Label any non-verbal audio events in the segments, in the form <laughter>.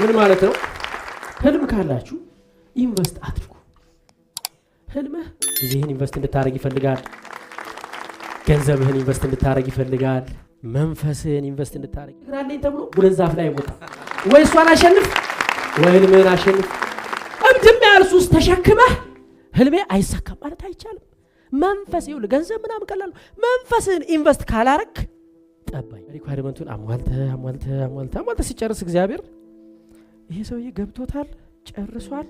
ምን ማለት ነው? ህልም ካላችሁ ኢንቨስት አድርጉ። ህልምህ ጊዜህን ኢንቨስት እንድታደረግ ይፈልጋል። ገንዘብህን ኢንቨስት እንድታደረግ ይፈልጋል። መንፈስህን ኢንቨስት እንድታደረግ ግራለኝ ተብሎ ጉለን ዛፍ ላይ ቦታ ወይ እሷን አሸንፍ ወይ ህልምህን አሸንፍ። እምድም ያልሱ ውስጥ ተሸክመህ ህልሜ አይሳካም ማለት አይቻልም። መንፈስ ይውል ገንዘብ ምናምን ቀላሉ መንፈስህን ኢንቨስት ካላረክ ጠባኝ ሪኳርመንቱን አሟልተ አሟልተ አሟልተ አሟልተ ሲጨርስ እግዚአብሔር ይሄ ሰውዬ ገብቶታል ጨርሷል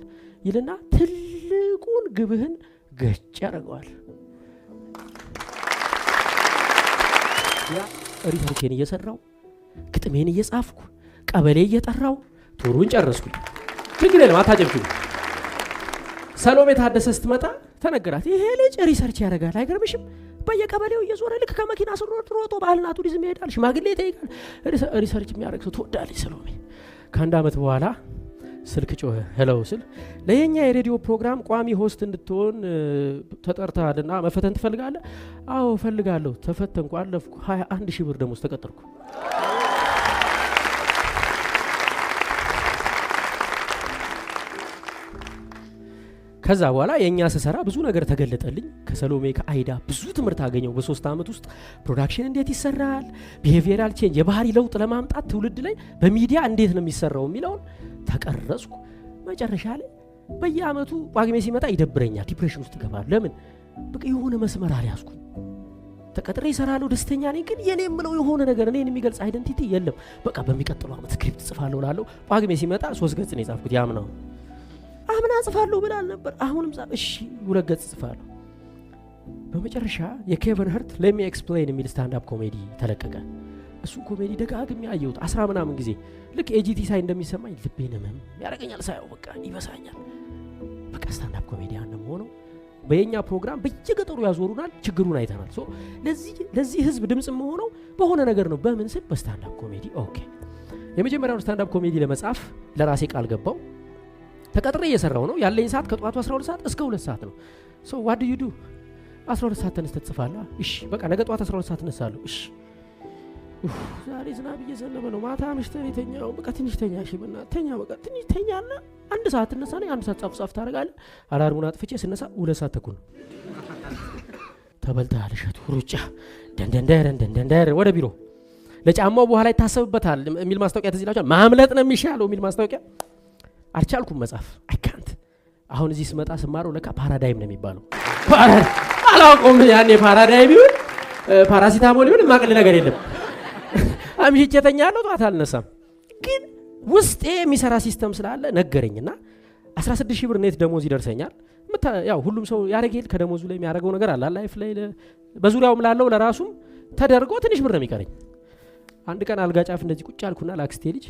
ይልና ትልቁን ግብህን ገጭ ያደርገዋል። ሪፖርቴን እየሰራው ግጥሜን እየጻፍኩ ቀበሌ እየጠራው ቱሩን ጨረስኩኝ። ችግር የለም አታጨብጭቡ። ሰሎሜ ታደሰ ስትመጣ ተነገራት። ይሄ ልጭ ሪሰርች ያደርጋል አይገርምሽም? በየቀበሌው እየዞረ ልክ ከመኪና ስሮጥ ሮጦ ባህልና ቱሪዝም ይሄዳል፣ ሽማግሌ ይጠይቃል። ሪሰርች የሚያደርግ ሰው ትወዳለች ሰሎሜ ከአንድ ዓመት በኋላ ስልክ ጮኸ። ሄለው ስል ለየኛ የሬዲዮ ፕሮግራም ቋሚ ሆስት እንድትሆን ተጠርተሃልና መፈተን ትፈልጋለህ? አዎ እፈልጋለሁ። ተፈተንኩ፣ አለፍኩ። 21 ሺህ ብር ደሞዝ ተቀጠርኩ። ከዛ በኋላ የእኛ ስሰራ ብዙ ነገር ተገለጠልኝ። ከሰሎሜ ከአይዳ ብዙ ትምህርት አገኘው። በሶስት ዓመት ውስጥ ፕሮዳክሽን እንዴት ይሰራል፣ ቢሄቪየራል ቼንጅ የባህሪ ለውጥ ለማምጣት ትውልድ ላይ በሚዲያ እንዴት ነው የሚሰራው የሚለውን ተቀረጽኩ። መጨረሻ ላይ በየአመቱ ጳጉሜ ሲመጣ ይደብረኛል፣ ዲፕሬሽን ውስጥ እገባለሁ። ለምን በቃ የሆነ መስመር አልያዝኩም። ተቀጥሬ ይሰራለሁ፣ ደስተኛ ነኝ። ግን የኔ የምለው የሆነ ነገር እኔን የሚገልጽ አይደንቲቲ የለም። በቃ በሚቀጥለው ዓመት ስክሪፕት ጽፋለሁ ላለሁ ጳጉሜ ሲመጣ ሶስት ገጽ ነው የጻፍኩት ያምናው አምና ጽፋለሁ ብላል ነበር አሁንም እሺ ሁለት ገጽ ጽፋለሁ። በመጨረሻ የኬቨን ሀርት ለሚ ኤክስፕሌን የሚል ስታንዳፕ ኮሜዲ ተለቀቀ። እሱ ኮሜዲ ደጋግም አየሁት አስራ ምናምን ጊዜ። ልክ ኤጂቲ ሳይ እንደሚሰማኝ ልቤን ህመም ያደረገኛል ሳየው፣ በቃ ይበሳኛል። በቃ ስታንዳፕ ኮሜዲ ነው የምሆነው። በየኛ ፕሮግራም በየገጠሩ ያዞሩናል። ችግሩን አይተናል። ለዚህ ህዝብ ድምፅ መሆነው በሆነ ነገር ነው። በምን ስል በስታንዳፕ ኮሜዲ። ኦኬ የመጀመሪያውን ስታንዳፕ ኮሜዲ ለመጻፍ ለራሴ ቃል ገባው። ተቀጥሬ እየሰራው ነው ያለኝ ሰዓት ከጠዋቱ 12 ሰዓት እስከ 2 ሰዓት ነው። ሶ ዋድ ዩ ዱ 12 ሰዓት ተነስተ ትጽፋለህ። እሺ በቃ ነገ ጠዋት 12 ሰዓት እነሳለሁ። እሺ ዛሬ ዝናብ እየዘነበ ነው። ማታ ምሽተን የተኛው በቃ ትንሽ ተኛ። እሺ በእናትህ ተኛ፣ በቃ ትንሽ ተኛና አንድ ሰዓት ትነሳለህ። አንድ ሰዓት ጻፍ ጻፍ ታደርጋለህ። አላርሙን አጥፍቼ ስነሳ ሁለት ሰዓት ተኩል ነው። ተበልተሃል። እሸቱ ሩጫ ደንደንደረን ደንደንደረን ወደ ቢሮ ለጫማው በኋላ ይታሰብበታል የሚል ማስታወቂያ ትዝ ይላችኋል። ማምለጥ ነው የሚሻለው የሚል ማስታወቂያ አልቻልኩም መጽሐፍ አይካንት አሁን እዚህ ስመጣ ስማረው ለካ ፓራዳይም ነው የሚባለው አላውቀውም ያኔ ፓራዳይም ይሁን ፓራሲታሞ ሊሆን የማቅል ነገር የለም <laughs> አምሽቸተኛ ያለው ጠዋት አልነሳም ግን ውስጤ የሚሰራ ሲስተም ስላለ ነገረኝና 16 ሺህ ብር ኔት ደሞዝ ይደርሰኛል ያው ሁሉም ሰው ያደረግል ከደሞዙ ላይ የሚያደረገው ነገር አለ ላይፍ ላይ በዙሪያውም ላለው ለራሱም ተደርጎ ትንሽ ብር ነው የሚቀረኝ አንድ ቀን አልጋ ጫፍ እንደዚህ ቁጭ አልኩና ላክስቴ ልጅ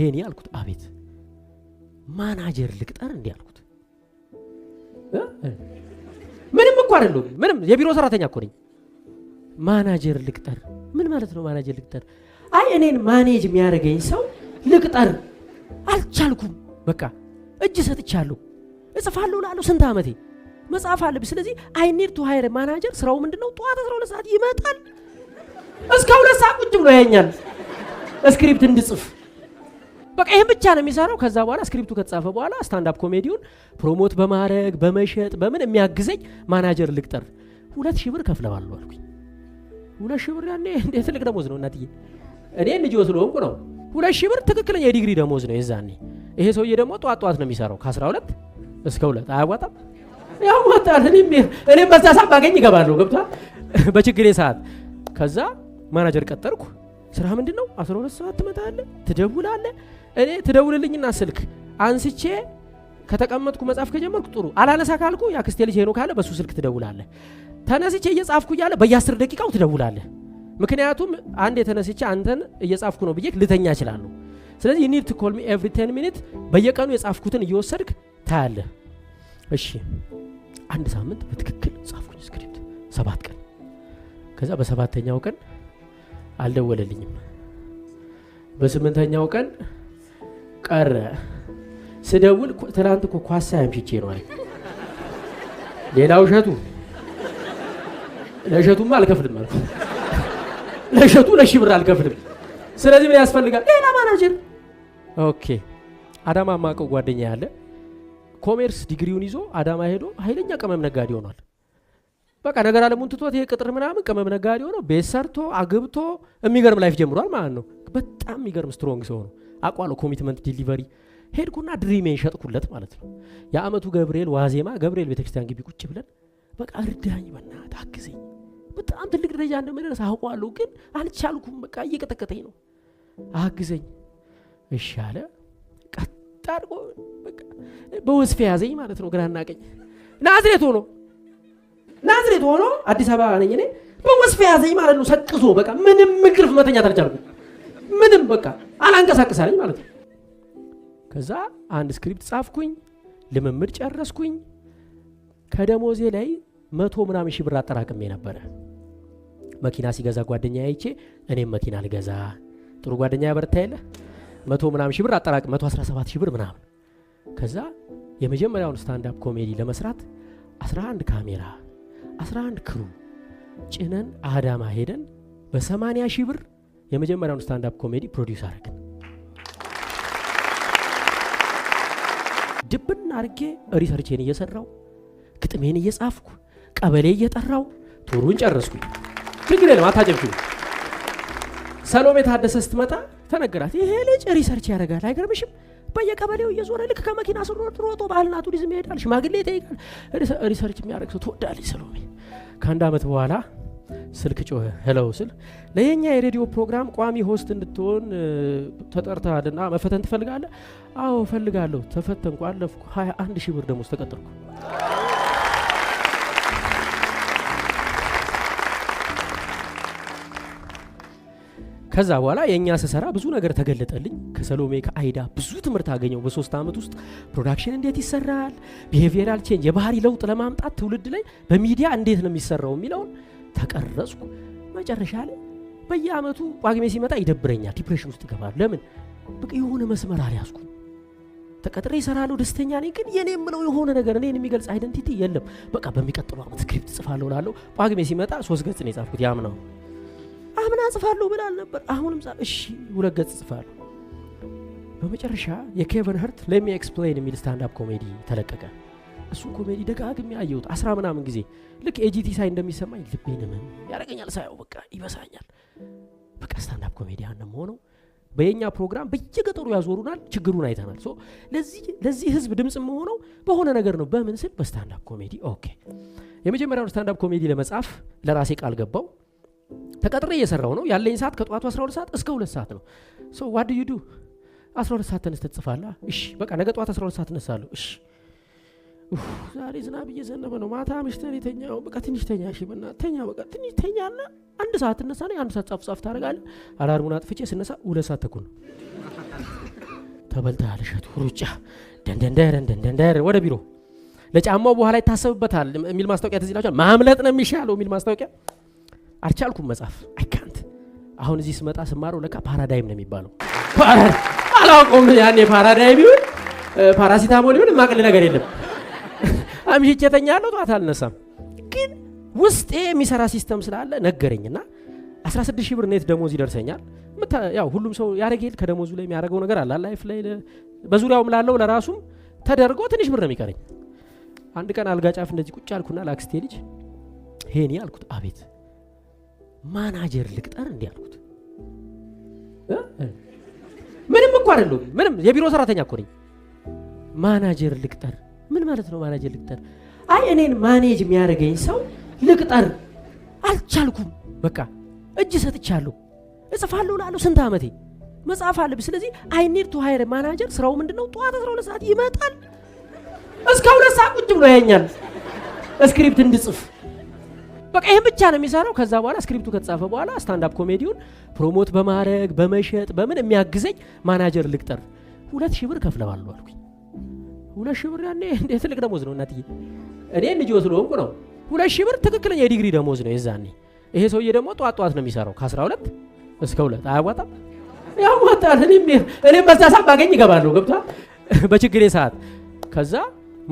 ሄኒ አልኩት አቤት ማናጀር ልቅጠር እንዲህ አልኩት። ምንም እኮ አይደለሁም፣ ምንም የቢሮ ሰራተኛ እኮ ነኝ። ማናጀር ልቅጠር ምን ማለት ነው? ማናጀር ልቅጠር? አይ እኔን ማኔጅ የሚያደርገኝ ሰው ልቅጠር። አልቻልኩም፣ በቃ እጅ ሰጥቻለሁ። እጽፋለሁ እላለሁ፣ ስንት ዓመቴ መጽሐፍ አለብኝ። ስለዚህ አይ ኒድ ቱ ሃይር ማናጀር። ስራው ምንድነው ነው? ጠዋት 12 ሰዓት ይመጣል፣ እስከ ሁለት ሰዓት ቁጭ ብሎ ያኛል ስክሪፕት እንድጽፍ በቃ ይህም ብቻ ነው የሚሰራው። ከዛ በኋላ ስክሪፕቱ ከተጻፈ በኋላ ስታንዳፕ ኮሜዲውን ፕሮሞት በማድረግ በመሸጥ በምን የሚያግዘኝ ማናጀር ልቅጠር። ሁለት ሺህ ብር ከፍለዋል አልኩኝ። ሁለት ሺህ ብር ያኔ እንዴ ትልቅ ደሞዝ ነው እናትዬ። እኔ ልጅ ስለሆንኩ ነው። ሁለት ሺህ ብር ትክክለኛ የዲግሪ ደሞዝ ነው የዛኔ። ይሄ ሰውዬ ደግሞ ጧት ጧት ነው የሚሰራው ከ12 እስከ ሁለት አያዋጣም? ያዋጣል። እኔም በዛ ሰዓት ባገኝ ይገባለሁ። ገብቷል። በችግሬ ሰዓት ከዛ ማናጀር ቀጠርኩ። ስራ ምንድን ነው? 12 ሰዓት ትመጣለህ፣ ትደውላለህ እኔ ትደውልልኝና ስልክ አንስቼ ከተቀመጥኩ መጻፍ ከጀመርኩ ጥሩ፣ አላነሳ ካልኩ ያክስቴ ልጅ ሄኖ ካለ በሱ ስልክ ትደውላለህ። ተነስቼ እየጻፍኩ እያለ በየአስር ደቂቃው ትደውላለህ። ምክንያቱም አንድ የተነስቼ አንተን እየጻፍኩ ነው ብዬ ልተኛ እችላለሁ። ስለዚህ ኒድ ቱ ኮል ሚ ኤቭሪ ቴን ሚኒት በየቀኑ የጻፍኩትን እየወሰድክ ታያለህ። እሺ አንድ ሳምንት በትክክል ጻፍኩኝ ስክሪፕት ሰባት ቀን። ከዛ በሰባተኛው ቀን አልደወለልኝም። በስምንተኛው ቀን ቀረ። ስደውል ትናንት እኮ ኳስ አምሽቼ ነው አለኝ። ሌላው እሸቱ ለእሸቱማ አልከፍልም አልኩ። ለእሸቱ ለሺህ ብር አልከፍልም። ስለዚህ ምን ያስፈልጋል? ሌላ ማናጀር። ኦኬ አዳማ ማቀው ጓደኛ ያለ ኮሜርስ ዲግሪውን ይዞ አዳማ ሄዶ ኃይለኛ ቅመም ነጋዴ ሆኗል። በቃ ነገር አለሙን ትቶት ይሄ ቅጥር ምናምን ቅመም ነጋዴ ሆኖ ቤት ሰርቶ አግብቶ የሚገርም ላይፍ ጀምሯል ማለት ነው። በጣም የሚገርም ስትሮንግ ሰው ነው። አቋ ነው ኮሚትመንት ዲሊቨሪ ሄድኩና ድሪሜን ሸጥኩለት ማለት ነው። የአመቱ ገብርኤል ዋዜማ ገብርኤል ቤተክርስቲያን ግቢ ቁጭ ብለን በቃ እርዳኝ፣ በናት አግዘኝ፣ በጣም ትልቅ ደረጃ እንደመደረስ አውቋለሁ ግን አልቻልኩም፣ በቃ እየቀጠቀጠኝ ነው፣ አግዘኝ። እሺ አለ። ቀጥ አድርጎ በወስፌ ያዘኝ ማለት ነው። ግራና ቀኝ ናዝሬት ሆኖ ናዝሬት ሆኖ አዲስ አበባ ነኝ እኔ። በወስፌ ያዘኝ ማለት ነው። ሰቅዞ በቃ ምንም እንቅልፍ መተኛት አልቻልኩም። ምንም በቃ አላንቀሳቀሳለኝ ማለት ነው። ከዛ አንድ ስክሪፕት ጻፍኩኝ፣ ልምምድ ጨረስኩኝ። ከደሞዜ ላይ መቶ ምናምን ሺህ ብር አጠራቅሜ ነበረ። መኪና ሲገዛ ጓደኛ አይቼ እኔም መኪና ልገዛ ጥሩ ጓደኛ ያበርታ የለ መቶ ምናምን ሺህ ብር አጠራቅ መቶ 17 ሺህ ብር ምናምን። ከዛ የመጀመሪያውን ስታንዳፕ ኮሜዲ ለመስራት 11 ካሜራ 11 ክሩ ጭነን አዳማ ሄደን በ80 ሺህ ብር የመጀመሪያውን ስታንዳፕ ኮሜዲ ፕሮዲውስ አረግን። ድብን አርጌ ሪሰርቼን እየሰራው ግጥሜን እየጻፍኩ ቀበሌ እየጠራው ቱሩን ጨረስኩ ችግር የለም አታጨብጭቡ። ሰሎሜ ታደሰ ስትመጣ ተነገራት። ይሄ ልጅ ሪሰርች ያደርጋል አይገርምሽም? በየቀበሌው እየዞረ ልክ ከመኪና ስሮት ሮጦ ባህልና ቱሪዝም ይሄዳል፣ ሽማግሌ ይጠይቃል። ሪሰርች የሚያደርግ ሰው ትወዳለች ሰሎሜ። ከአንድ ዓመት በኋላ ስልክ ጮኸ። ሄለው ስል ለየኛ የሬዲዮ ፕሮግራም ቋሚ ሆስት እንድትሆን ተጠርተሃልና መፈተን ትፈልጋለ አዎ እፈልጋለሁ። ተፈተንኩ፣ አለፍኩ። 21 ሺህ ብር ደሞዝ ተቀጠርኩ። ከዛ በኋላ የእኛ ስሰራ ብዙ ነገር ተገለጠልኝ። ከሰሎሜ ከአይዳ ብዙ ትምህርት አገኘው። በሶስት ዓመት ውስጥ ፕሮዳክሽን እንዴት ይሰራል፣ ቢሄቪየራል ቼንጅ የባህሪ ለውጥ ለማምጣት ትውልድ ላይ በሚዲያ እንዴት ነው የሚሰራው የሚለውን ተቀረጽኩ። መጨረሻ ላይ በየአመቱ ጳጉሜ ሲመጣ ይደብረኛል፣ ዲፕሬሽን ውስጥ ይገባል። ለምን በቃ የሆነ መስመር አልያዝኩም። ተቀጥሬ እሰራለሁ፣ ደስተኛ ነኝ። ግን የኔ የምለው የሆነ ነገር እኔን የሚገልጽ አይደንቲቲ የለም። በቃ በሚቀጥለው አመት ስክሪፕት ጽፋለሁ እላለሁ። ጳጉሜ ሲመጣ ሶስት ገጽ ነው የጻፍኩት። ነው አምና ጽፋለሁ ብላል ነበር። አሁንም እሺ ሁለት ገጽ ጽፋለሁ። በመጨረሻ የኬቨን ሀርት ሌሚ ኤክስፕሌን የሚል ስታንዳፕ ኮሜዲ ተለቀቀ። እሱ ኮሜዲ ደጋግሜ አየሁት አስራ ምናምን ጊዜ ልክ ኤጂቲ ሳይ እንደሚሰማኝ ልቤን ህመም ያደረገኛል ሳየው በቃ ይበሳኛል በቃ ስታንዳፕ ኮሜዲያን ነው መሆነው በየኛ ፕሮግራም በየገጠሩ ያዞሩናል ችግሩን አይተናል ለዚህ ህዝብ ድምፅ መሆነው በሆነ ነገር ነው በምን ስል በስታንዳፕ ኮሜዲ ኦኬ የመጀመሪያውን ስታንዳፕ ኮሜዲ ለመጽሐፍ ለራሴ ቃል ገባው ተቀጥሬ እየሰራው ነው ያለኝ ሰዓት ከጠዋቱ 12 ሰዓት እስከ ሁለት ሰዓት ነው ሶ ዋድ ዩ ዱ 12 ሰዓት ተነስተ ትጽፋላ እሺ በቃ ነገ ጠዋት 12 ሰዓት እነሳለሁ እሺ ዛሬ ዝናብ እየዘነበ ነው። ማታ ምሽተን የተኛው በቃ ትንሽ ተኛ፣ እሺ በእናትህ ተኛ፣ በቃ ትንሽ ተኛ ና አንድ ሰዓት ትነሳ ነ አንድ ሰዓት ጻፍ ጻፍ ታደርጋለህ። አላርሙን አጥፍቼ ስነሳ ሁለት ሰዓት ተኩል ነው። ተበልተሃል። እሸቱ ሩጫ ደንደንደር ደንደንደር ወደ ቢሮ ለጫማው በኋላ ይታሰብበታል የሚል ማስታወቂያ ትዝ ይላችኋል። ማምለጥ ነው የሚሻለው የሚል ማስታወቂያ አልቻልኩም መጻፍ አይካንት አሁን እዚህ ስመጣ ስማረው ለካ ፓራዳይም ነው የሚባለው። አላውቀውም ያኔ ፓራዳይም ይሁን ፓራሲታሞል ይሁን የማቅል ነገር የለም። አምሽቼ እተኛለሁ፣ ጠዋት አልነሳም። ግን ውስጤ የሚሰራ ሲስተም ስላለ ነገረኝና 16 ሺህ ብር ኔት ደሞዝ ይደርሰኛል። ያው ሁሉም ሰው ያደረገል ከደሞዙ ላይ የሚያደርገው ነገር አለ። ላይፍ ላይ በዙሪያውም ላለው ለራሱም ተደርጎ ትንሽ ብር ነው የሚቀረኝ። አንድ ቀን አልጋ ጫፍ እንደዚህ ቁጭ አልኩና ለአክስቴ ልጅ ሄኔ አልኩት፣ አቤት ማናጀር ልቅጠር እንዲህ አልኩት። ምንም እኮ አይደለሁም፣ ምንም የቢሮ ሰራተኛ እኮ ነኝ። ማናጀር ልቅጠር ምን ማለት ነው? ማናጀር ልቅጠር? አይ እኔን ማኔጅ የሚያደርገኝ ሰው ልቅጠር። አልቻልኩም፣ በቃ እጅ ሰጥቻለሁ። እጽፋለሁ ላሉ ስንት ዓመቴ መጽሐፍ አለብኝ። ስለዚህ አይ ኒድ ቱ ሃይር ማናጀር። ስራው ምንድን ነው? ጠዋት 12 ሰዓት ይመጣል፣ እስከ ሁለት ሰዓት ቁጭ ብሎ ያኛል እስክሪፕት እንድጽፍ በቃ ይህም ብቻ ነው የሚሰራው። ከዛ በኋላ ስክሪፕቱ ከተጻፈ በኋላ ስታንዳፕ ኮሜዲውን ፕሮሞት በማድረግ በመሸጥ በምን የሚያግዘኝ ማናጀር ልቅጠር። ሁለት ሺህ ብር ከፍለዋለሁ አልኩኝ። ሁለት ሺህ ብር ያኔ እንደ ትልቅ ደሞዝ ነው እናትዬ። እኔ ልጅ ስለሆንኩ ነው። ሁለት ሺህ ብር ትክክለኛ የዲግሪ ደሞዝ ነው የዛኔ። ይሄ ሰውዬ ደግሞ ጠዋት ጠዋት ነው የሚሰራው ከ12 እስከ ሁለት አያዋጣም? ያዋጣል። እኔም በዛ ሰዓት ባገኝ ይገባለሁ። ገብቷል። በችግሬ ሰዓት ከዛ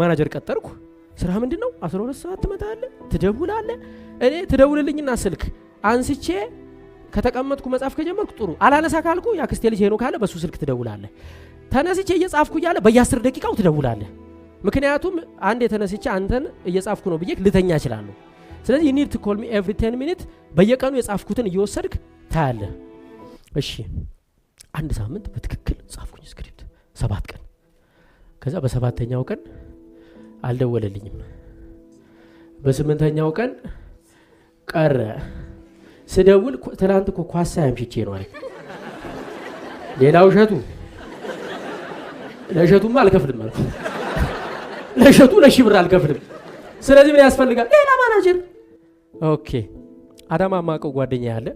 ማናጀር ቀጠርኩ። ስራ ምንድን ነው? 12 ሰዓት ትመጣለህ፣ ትደውላለህ። እኔ ትደውልልኝና ስልክ አንስቼ ከተቀመጥኩ መጽሐፍ ከጀመርኩ ጥሩ፣ አላነሳ ካልኩ ያክስቴ ልጅ ሄኖ ካለ በሱ ስልክ ትደውላለህ። ተነስቼ እየጻፍኩ እያለ በየአስር ደቂቃው ትደውላለህ። ምክንያቱም አንድ የተነስቼ አንተን እየጻፍኩ ነው ብዬ ልተኛ እችላለሁ። ስለዚህ ዩ ኒድ ቱ ኮል ሚ ኤቭሪ ቴን ሚኒት በየቀኑ የጻፍኩትን እየወሰድክ ታያለህ። እሺ አንድ ሳምንት በትክክል ጻፍኩኝ ስክሪፕት ሰባት ቀን። ከዛ በሰባተኛው ቀን አልደወለልኝም። በስምንተኛው ቀን ቀረ። ስደውል ትናንት እኮ ኳሳ ያምሽቼ ነው አለኝ። ሌላ ውሸቱ ለእሸቱማ አልከፍልም አልኩ። ለእሸቱ ለሺ ብር አልከፍልም። ስለዚህ ምን ያስፈልጋል? ሌላ ማናጀር። ኦኬ አዳማ ማቀው ጓደኛ ያለ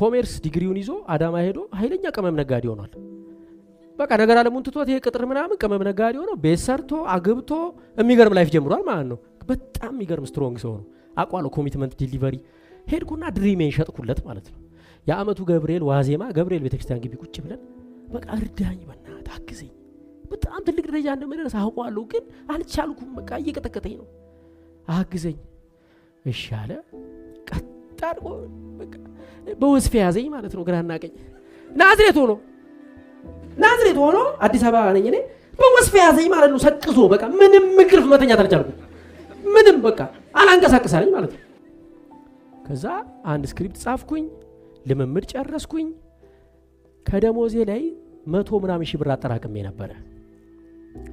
ኮሜርስ ዲግሪውን ይዞ አዳማ ሄዶ ኃይለኛ ቅመም ነጋዴ ሆኗል። በቃ ነገር አለሙን ትቶት ይሄ ቅጥር ምናምን ቅመም ነጋዴ ሆኖ ቤት ሰርቶ አግብቶ የሚገርም ላይፍ ጀምሯል ማለት ነው። በጣም የሚገርም ስትሮንግ ሰው ነው። አውቋለሁ። ኮሚትመንት ዲሊቨሪ ሄድኩና ድሪሜን ሸጥኩለት ማለት ነው። የአመቱ ገብርኤል ዋዜማ ገብርኤል ቤተክርስቲያን ግቢ ቁጭ ብለን በቃ እርዳኝ፣ በእናትህ አግዘኝ በጣም ትልቅ ደረጃ እንደመድረስ አውቀዋለሁ፣ ግን አልቻልኩም። በቃ እየቀጠቀጠኝ ነው፣ አግዘኝ። እሺ አለ። ቀጥ ያዘኝ ማለት ነው፣ ግራና ቀኝ። ናዝሬት ሆኖ ናዝሬት ሆኖ አዲስ አበባ ነኝ እኔ። በወስፍ ያዘኝ ማለት ነው፣ ሰቅዞ። በቃ ምንም እንቅልፍ መተኛት አልቻልኩም። ምንም በቃ አላንቀሳቀሳለኝ ማለት ነው። ከዛ አንድ ስክሪፕት ጻፍኩኝ፣ ልምምድ ጨረስኩኝ። ከደሞዜ ላይ መቶ ምናምን ሺህ ብር አጠራቅሜ ነበረ።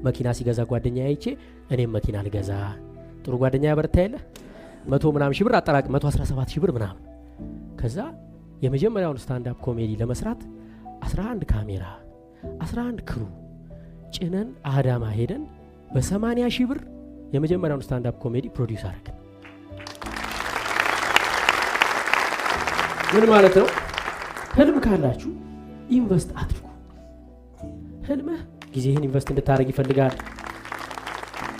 መኪና ሲገዛ ጓደኛ አይቼ እኔም መኪና ልገዛ ጥሩ ጓደኛ ያበረታ የለ መቶ ምናም ሺህ ብር አጠራቅ መቶ 17 ሺህ ብር ምናምን ከዛ የመጀመሪያውን ስታንዳፕ ኮሜዲ ለመስራት 11 ካሜራ 11 ክሩ ጭነን አዳማ ሄደን በ80 ሺህ ብር የመጀመሪያውን ስታንዳፕ ኮሜዲ ፕሮዲውስ አደረግን። ምን ማለት ነው? ህልም ካላችሁ ኢንቨስት አድርጉ። ህልምህ ጊዜህን ኢንቨስት እንድታደረግ ይፈልጋል።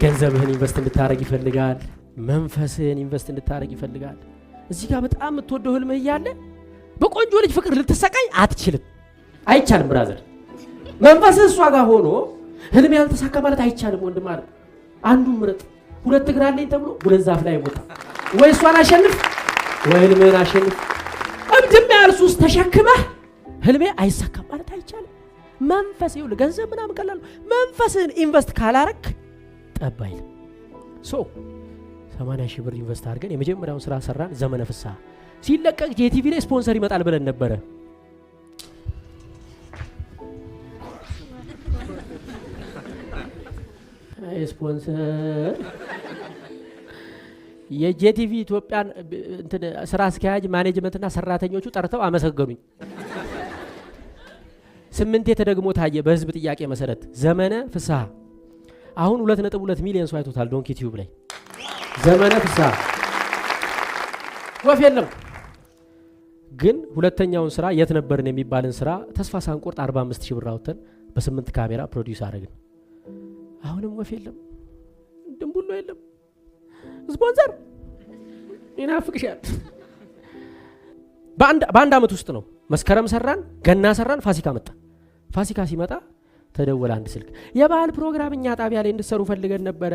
ገንዘብህን ኢንቨስት እንድታደረግ ይፈልጋል። መንፈስህን ኢንቨስት እንድታደረግ ይፈልጋል። እዚህ ጋር በጣም የምትወደው ህልምህ እያለ በቆንጆ ልጅ ፍቅር ልትሰቃይ አትችልም። አይቻልም ብራዘር። መንፈስህ እሷ ጋር ሆኖ ህልም ያልተሳካ ማለት አይቻልም ወንድም። አለ አንዱ ምረጥ። ሁለት እግር አለኝ ተብሎ ሁለት ዛፍ ላይ ቦታ ወይ እሷን አሸንፍ ወይ ህልምህን አሸንፍ። እምድም ውስጥ ተሸክመህ ህልሜ አይሳካም መንፈስ ይውል ገንዘብ ምናም ቀላል መንፈስን ኢንቨስት ካላረክ ጠብ ሶ 80 ሺህ ብር ኢንቨስት አድርገን የመጀመሪያውን ስራ ሰራን። ዘመነ ፍሳ ሲለቀቅ ጄቲቪ ላይ ስፖንሰር ይመጣል ብለን ነበረ። ስፖንሰር የጄቲቪ ኢትዮጵያን ስራ አስኪያጅ ማኔጅመንትና ሰራተኞቹ ጠርተው አመሰገኑኝ። ስምንቴ ተደግሞ ታየ በህዝብ ጥያቄ መሰረት ዘመነ ፍስሐ አሁን ሁለት ነጥብ ሁለት ሚሊዮን ሰው አይቶታል። ዶንኪ ቲዩብ ላይ ዘመነ ፍስሐ ወፍ የለም ግን ሁለተኛውን ስራ የት ነበርን የሚባልን ስራ ተስፋ ሳንቆርጥ 45 ሺህ ብር አውጥተን በስምንት ካሜራ ፕሮዲውስ አደረግን። አሁንም ወፍ የለም፣ ድንቡሎ የለም። ስፖንሰር ይናፍቅሻል። በአንድ አመት ውስጥ ነው መስከረም ሰራን፣ ገና ሰራን፣ ፋሲካ መጣ። ፋሲካ ሲመጣ ተደወለ አንድ ስልክ። የባህል ፕሮግራም እኛ ጣቢያ ላይ እንድሰሩ ፈልገን ነበረ።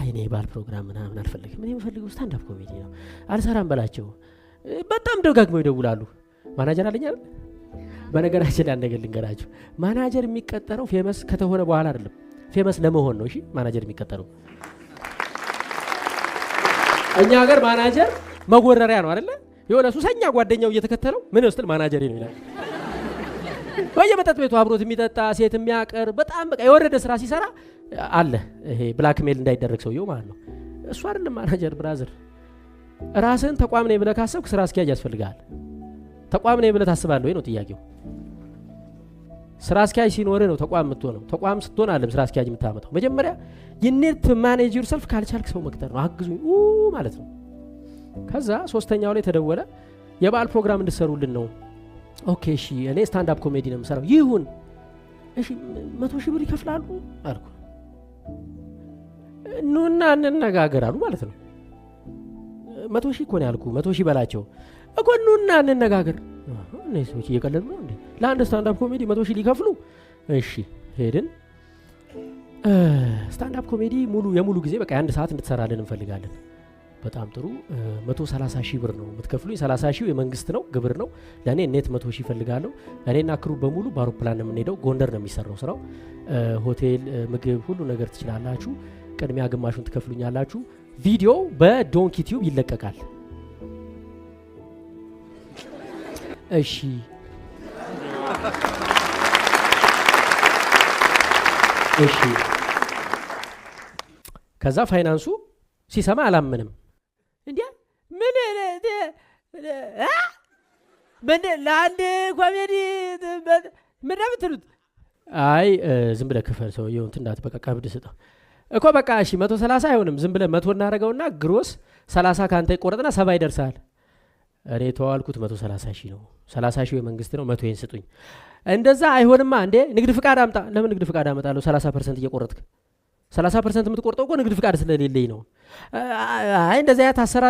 አይኔ የባህል ፕሮግራም ምናምን አልፈልግም፣ እኔ የምፈልገው ስታንድ አፕ ኮሜዲ ነው፣ አልሰራም በላቸው። በጣም ደጋግመው ይደውላሉ። ማናጀር አለኝ አይደል? በነገራችን ላይ አንድ ልንገራችሁ፣ ማናጀር የሚቀጠረው ፌመስ ከተሆነ በኋላ አይደለም፣ ፌመስ ለመሆን ነው። እሺ ማናጀር የሚቀጠረው እኛ ሀገር ማናጀር መጎረሪያ ነው አይደለ? የሆነ ሱሰኛ ጓደኛው እየተከተለው ምን ስትል ማናጀር ነው ይላል በየመጠጥ ቤቱ አብሮት የሚጠጣ ሴት የሚያቀር በጣም በቃ የወረደ ስራ ሲሰራ አለ። ይሄ ብላክሜል እንዳይደረግ ሰውየው ማለት ነው። እሱ አይደለም ማናጀር ብራዘር። ራስን ተቋም ነኝ ብለህ ካሰብክ ስራ አስኪያጅ ያስፈልግሃል። ተቋም ነኝ ብለህ ታስባለህ ወይ ነው ጥያቄው። ስራ አስኪያጅ ሲኖር ነው ተቋም የምትሆነው። ተቋም ስትሆን አለም ስራ አስኪያጅ የምታመጣው። መጀመሪያ የኔት ማኔጅ ዩር ሰልፍ ካልቻልክ ሰው መቅጠር ነው። አግዙኝ ማለት ነው። ከዛ ሶስተኛው ላይ ተደወለ። የበዓል ፕሮግራም እንድሰሩልን ነው ኦኬ እሺ፣ እኔ ስታንዳፕ ኮሜዲ ነው የምሰራው። ይሁን እሺ፣ መቶ ሺህ ብር ይከፍላሉ አልኩ። ኑና እንነጋገር አሉ ማለት ነው። መቶ ሺህ ኮን ያልኩ፣ መቶ ሺህ በላቸው እኮ። ኑና እንነጋገር። እነዚህ ሰዎች እየቀለሉ ነው እንዴ? ለአንድ ስታንዳፕ ኮሜዲ መቶ ሺህ ሊከፍሉ? እሺ ሄድን። ስታንዳፕ ኮሜዲ ሙሉ የሙሉ ጊዜ በቃ የአንድ ሰዓት እንድትሰራልን እንፈልጋለን። በጣም ጥሩ 130 ሺህ ብር ነው የምትከፍሉ። 30 ሺህ የመንግስት ነው ግብር ነው። ለእኔ ኔት 100 ሺህ እፈልጋለሁ። እኔና ክሩ በሙሉ በአውሮፕላን ነው የምንሄደው። ጎንደር ነው የሚሰራው ስራው። ሆቴል፣ ምግብ፣ ሁሉ ነገር ትችላላችሁ። ቅድሚያ ግማሹን ትከፍሉኛላችሁ። ቪዲዮ በዶንኪ ቲዩብ ይለቀቃል። እሺ እሺ። ከዛ ፋይናንሱ ሲሰማ አላምንም ምን ምን ለአንድ ኮሜዲ ምና ምትሉት? አይ ዝም ብለህ ክፈል ሰውዬው እንትን እንዳት በቃ ከብድ ስጠው እኮ በቃ እሺ፣ መቶ ሰላሳ አይሆንም። ዝም ብለህ መቶ እናደርገውና ግሮስ ሰላሳ ከአንተ ይቆረጥና ሰባ ይደርሳል። እኔ ተዋልኩት መቶ ሰላሳ ሺህ ነው። ሰላሳ ሺህ የመንግስት ነው። መቶ ይህን ስጡኝ። እንደዛ አይሆንማ እንዴ! ንግድ ፍቃድ አምጣ። ለምን ንግድ ፍቃድ አመጣለሁ? ሰላሳ ፐርሰንት እየቆረጥክ ሰላሳ ፐርሰንት የምትቆርጠው እኮ ንግድ ፍቃድ ስለሌለኝ ነው። አይ እንደዚያ አይነት አሰራር